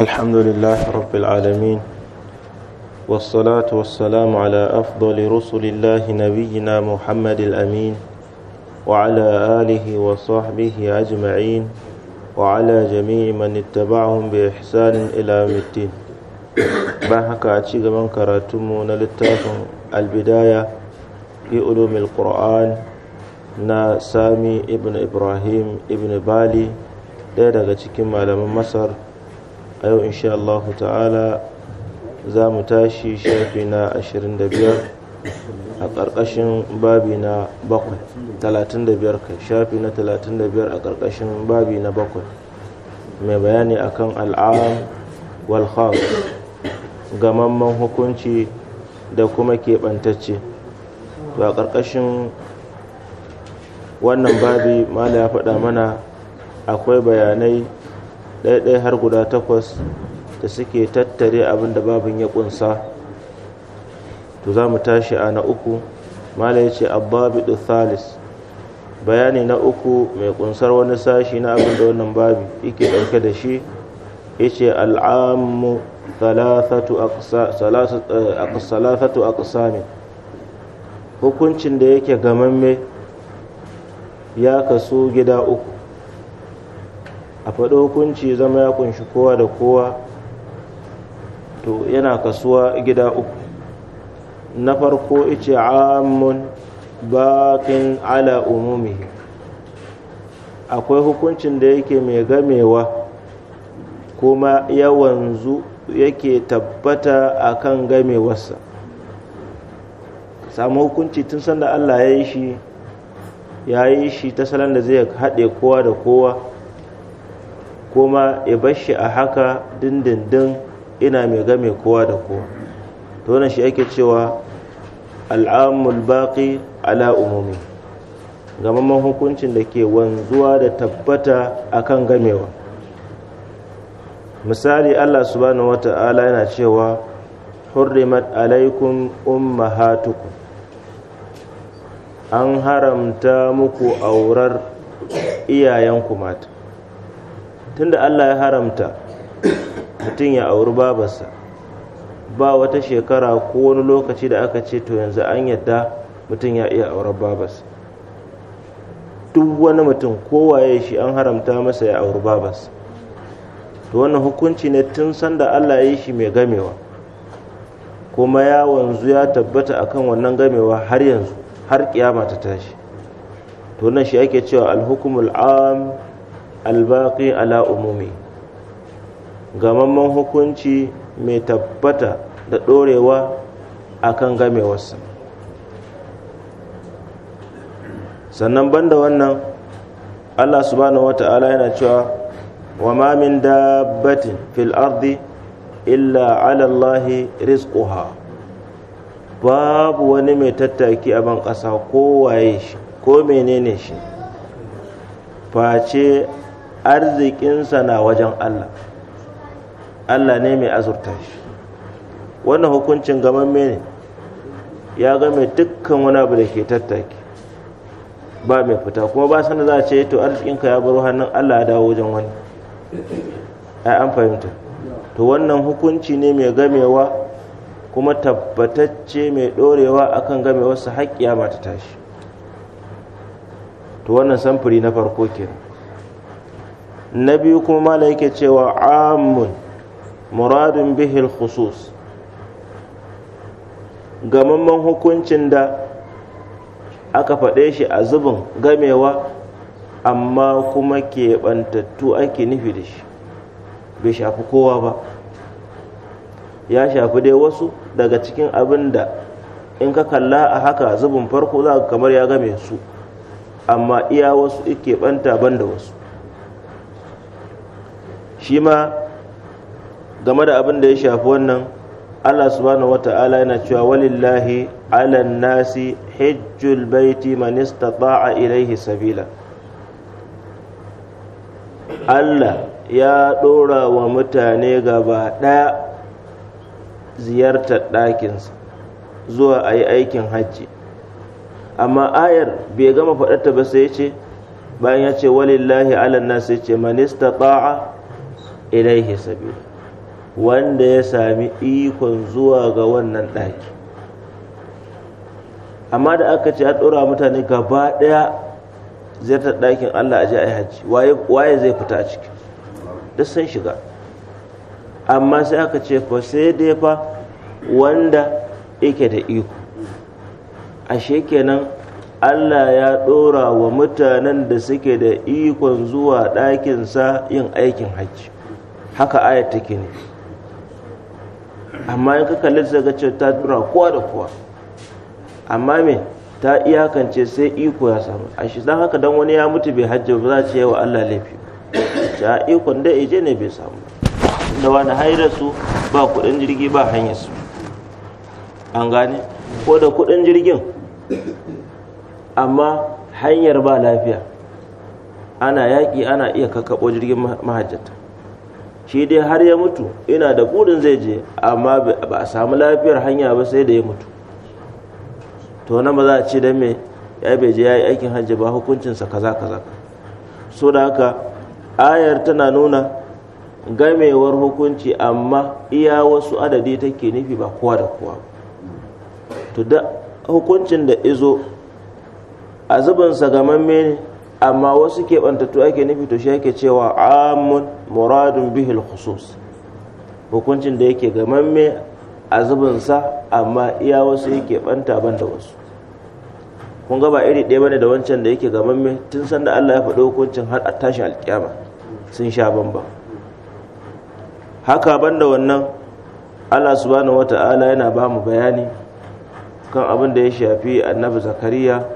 الحمد لله رب العالمين والصلاة والسلام على أفضل رسل الله نبينا محمد الأمين وعلى آله وصحبه أجمعين وعلى جميع من اتبعهم بإحسان إلى يوم الدين بحك أتشيك من كراتمون للتافن البداية في علوم القرآن نا سامي ابن إبراهيم ابن بالي ɗaya daga cikin malaman masar a yau insha Allah ta'ala za mu tashi shafi na 25 a ƙarƙashin babi na 7 35 kai shafi na 35 a ƙarƙashin babi na 7 mai bayani akan al'am wal ga gamamman hukunci da kuma keɓantacce a ƙarƙashin wannan babi mala ya faɗa mana akwai bayanai ɗaya har guda takwas da suke tattare abin da babin ya ƙunsa to za mu tashi a na uku mala ya ce abbabidu thalis bayani na uku mai ƙunsar wani sashi na abin da wannan babi yake ɗauke da shi ya ce al'ammu salasatu eh, ne hukuncin da yake gamamme ya kasu gida uku a faɗi hukunci zama ya kunshi kowa da kowa to yana kasuwa gida uku na farko ice amun bakin ala umumi akwai hukuncin da yake mai gamewa kuma yawanzu yake tabbata a kan gamewarsa samu hukunci tun sanda allah ya yi shi ya yi shi ta salon da zai haɗe kowa da kowa kuma ya bar shi a haka dindindin ina mai game kowa da kowa to wannan shi ake cewa al'amul baqi ala umumi game hukuncin da ke wanzuwa da tabbata akan gamewa misali Allah subhanahu wata'ala yana cewa hurrimat alaikum ummahatukum an haramta muku aurar iyayenku mata tunda Allah ya haramta mutum ya auri babarsa ba wata shekara ko wani lokaci da aka ce to yanzu an yadda mutum ya iya auren babarsa duk wani mutum kowaye shi an haramta masa ya auri babarsa to wannan hukunci ne tun sanda Allah ya yi shi mai gamewa kuma ya wanzu ya tabbata akan wannan gamewa har yanzu har kiyama ta tashi to nan shi ake cewa alhukumul am albaƙi ala umumi gamamman hukunci mai tabbata da ɗorewa akan gamewarsa sannan banda wannan allah subhanahu ta'ala yana cewa wa mamin min dabbatin fil ardi illa ala allahi rizquha babu wani mai tattaki a ban ƙasa ko waye shi ko menene shi face arzikinsa na wajen Allah Allah ne mai azurta shi wannan hukuncin gamamme ne ya game dukkan wani abu da ke tattaki ba mai fita kuma ba sanda za a ce to arzikinka ya baro hannun Allah ya dawo wajen wani ai an fahimta to wannan hukunci ne mai gamewa kuma tabbatacce mai dorewa akan gamewarsa haƙƙiya ma ta tashi to wannan samfuri na farko kenan na biyu kuma mala yake cewa amun muradin bihil khusus gamamman hukuncin da aka faɗe shi a zubin gamewa amma kuma keɓantattu ake nufi da shi bai shafi kowa ba ya shafi dai wasu daga cikin abin da in ka kalla a haka zubin farko za kamar ya game su amma iya wasu ike banta ban da wasu shi ma game da abin da ya shafi wannan Allah subhanahu ta'ala yana cewa walillahi ala nasi hijjul baiti man istata'a ilaihi sabila Allah ya ɗora wa mutane gaba ɗaya ziyartar ɗakinsa zuwa a yi aikin hajji amma ayar bai gama faɗarta ba sai ce bayan ya ce walillahi ala nasi ce man istata'a ilaihi sabila wanda ya sami ikon zuwa ga wannan ɗaki amma da aka ce a ɗora mutane gaba ɗaya ziyartar ɗakin Allah a ji a yi hajji waye zai fita a ciki duk sun shiga amma sai aka ce fa sai dai fa wanda yake da iko ashe kenan Allah ya ɗora wa mutanen da suke da ikon zuwa ɗakinsa yin aikin hajji haka ayat take ne amma in ka kalli ga cewa ta dura kowa da kowa amma me ta iyakance sai iko ya samu a shi zan haka dan wani ya mutu bai hajji ba za ce wa Allah laifi ta ikon da ije ne bai samu da wani haira su ba kudin jirgi ba hanyar su an gane ko da kudin jirgin amma hanyar ba lafiya ana yaƙi ana iya kakkaɓo jirgin mahajjata shi dai har ya mutu ina da burin zai je amma ba a samu lafiyar hanya ba sai da ya mutu to na maza za a ce dan me ya bai je yayi aikin hajji ba hukuncinsa kaza kaza so da haka ayar tana nuna gamewar hukunci amma iya wasu adadi take nufi ba kowa da kowa to da hukuncin da izo a zubin mamme ne amma wasu keɓantattu ake nufi to shi ake cewa amun muradun bihil khusus hukuncin da yake gamamme a zubinsa amma iya wasu yake banta ban da wasu kun gaba iri ɗaya bane da wancan da yake gamamme tun sanda Allah ya faɗi hukuncin har a tashin alƙiyama sun sha bamba haka ban da wannan Allah subhanahu wata'ala yana ba mu bayani kan abin da ya shafi annabi zakariya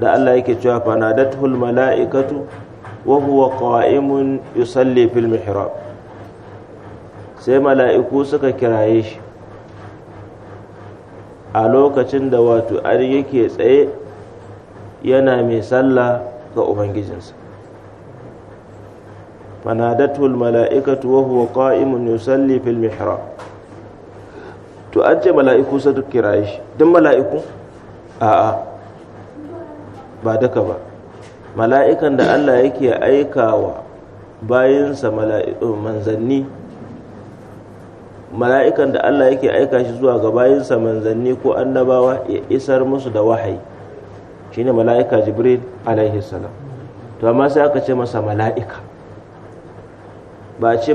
da Allah yake cewa fanadatul mala'ikatu wa huwa qa'imun yusalli fil mihrab sai mala'iku suka kiraye shi a lokacin da wato an yake tsaye yana mai sallah ga ubangijinsa fanadatul mala'ikatu wa huwa qa'imun yusalli fil mihrab to an ce mala'iku suka kiraye shi duk mala'iku a'a ba daka ba mala'ikan da Allah yake aikawa bayansa manzanni mala'ikan da Allah yake aika shi zuwa ga bayansa manzanni ko annabawa ya isar musu da wahayi shine mala'ika jibril alaihi salam to amma sai aka ce masa mala'ika ba a ce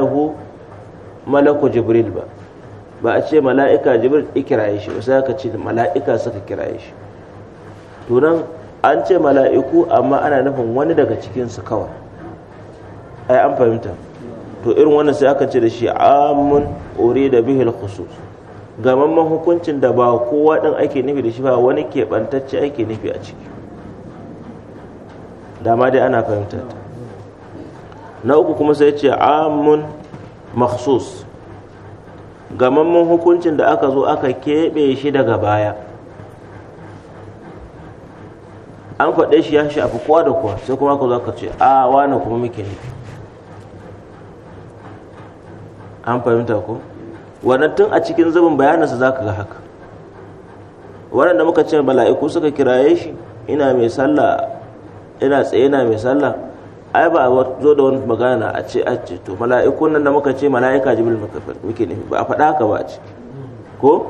hu malaku jibril ba ba a ce mala'ika jibril ikiraye shi sai aka ce mala'ika suka kiraye shi to nan an ce mala'iku amma ana nufin wani daga cikinsu kawai ai an fahimta to irin wannan sai aka ce da shi amun ori da bihil khusus gaman hukuncin da ba kowa ɗin ake nufi da shi ba wani keɓantacce ake nufi a ciki dama dai ana fahimta ta na uku kuma sai ce amun maksus gaman hukuncin da aka zo aka keɓe shi daga baya an faɗe shi ya shafi kowa da kowa sai kuma ka zo ka ce a wane kuma muke ne an fahimta ko wannan tun a cikin zubin bayaninsa za ka ga haka wannan da muka ce mala'iku suka kiraye shi ina mai sallah ina tsaye ina mai sallah ai ba a zo da wani magana a ce a ce to mala'iku nan da muka ce mala'ika jibril muke ne ba a faɗa haka ba a ciki ko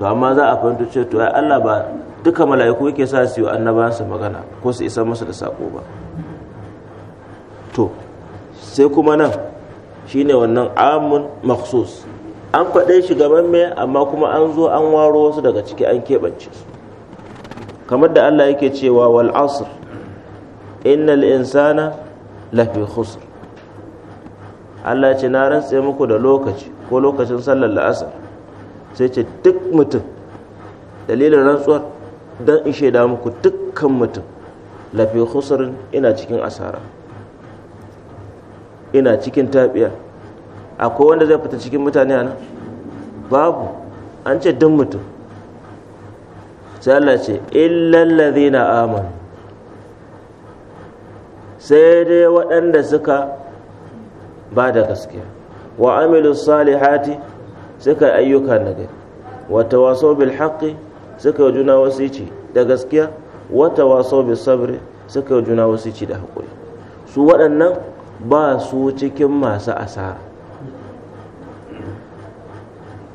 to amma za a fahimta ce to ai Allah ba duka mala'iku yake sa su yi annabawan su magana ko su isa masa da sako ba to sai kuma nan shine wannan amun maksus an faɗe shi gaban mai amma kuma an zo an waro wasu daga ciki an keɓance su kamar da Allah yake cewa wal asr innal insana lafi khusr Allah ce na rantse muku da lokaci ko lokacin sallar la'asar sai ce duk mutum dalilin rantsuwar don in shaida muku dukkan mutum lafi khusrin ina cikin asara ina cikin tabiya akwai wanda zai fita cikin mutane ana babu an ce dun mutum sai Allah ce illallazi na aman sai dai waɗanda suka ba da gaskiya wa amilu salihati suka ayyuka na gari Wata tawaso bil suka yi juna ci da gaskiya wata waso bi sabri suka yi juna ci da haƙuri su waɗannan ba su cikin masu asara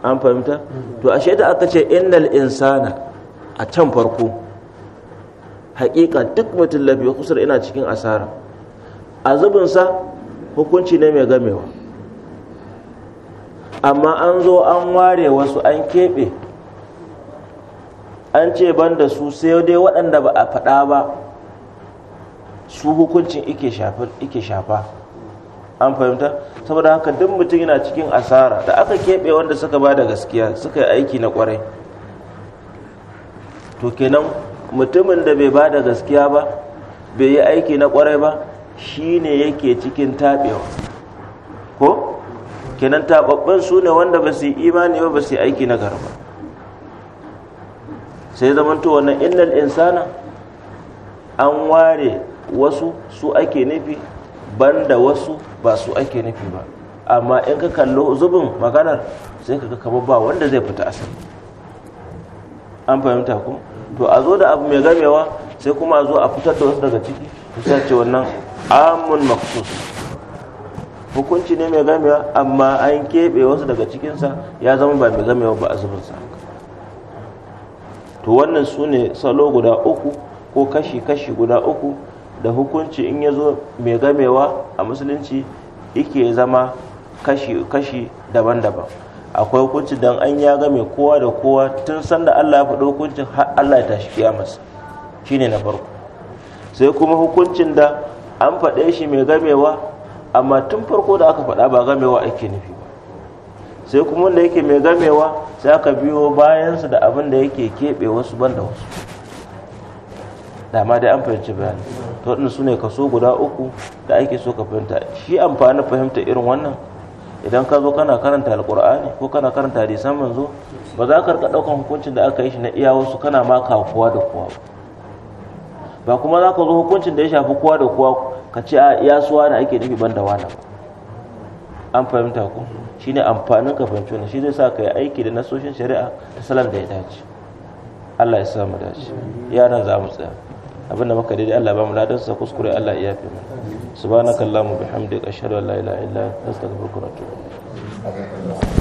an fahimta to ashe da aka ce innal insana a can farko haƙiƙa duk mutum lafiya kusur ina cikin asara a zubinsa hukunci ne mai gamewa amma an zo an ware wasu an keɓe an ce ban da su sai dai waɗanda ba a faɗa ba su hukuncin ike shafa an fahimta saboda haka duk mutum yana cikin asara da aka keɓe wanda suka ba da gaskiya suka yi aiki na ƙwarai to kenan mutumin da bai ba da gaskiya ba bai yi aiki na ƙwarai ba shine yake cikin taɓewa ko kenan taɓaɓɓen su ne wanda ba su yi imani ba ba su yi aiki na garba sai zamanto wannan innal insana an ware wasu su ake nufi banda wasu ba su ake nufi ba amma in ka kallo zubin maganar sai ka kamar ba wanda zai fita asali an fahimta ku to a zo da abu mai gamewa sai kuma a zo a fitar da wasu daga ciki sai ce wannan amun maksus hukunci ne mai gamewa amma an keɓe wasu daga cikinsa ya zama ba mai gamewa ba a zubinsa to wannan su ne salo guda uku ko kashi-kashi guda uku da hukunci in ya zo mai gamewa a musulunci yake zama kashi-kashi daban-daban akwai hukunci don an ya game kowa da kowa tun sanda allah ya faɗi hukuncin har allah ya tashi shi shine na farko sai kuma hukuncin da an faɗe shi mai gamewa amma tun farko da aka faɗa ba gamewa ake nufi sai kuma wanda yake mai gamewa sai aka biyo bayansu da abin da yake keɓe wasu banda wasu dama dai an fahimci bayani to waɗanda su ne kaso guda uku da ake so ka fahimta shi amfani fahimta irin wannan idan ka zo kana karanta alkur'ani ko kana karanta hadisan manzo ba za ka rika ɗaukan hukuncin da aka yi shi na iya wasu kana ma kowa da kowa ba kuma za ka zo hukuncin da ya shafi kowa da kowa ka ce a iya suwa da ake nufi ban da wani ba an fahimta ku ne amfanin ka fahimci shi zai sa ka yi aiki da nasoshin shari'a da salam da ya dace Allah ya sa mu dace yaran za mu tsaya abinda muka daidai Allah ba mu ladan sa kuskure Allah ya yafe mu subhanakallahumma bihamdika ashhadu an la ilaha illa anta astaghfiruka wa atubu ilaik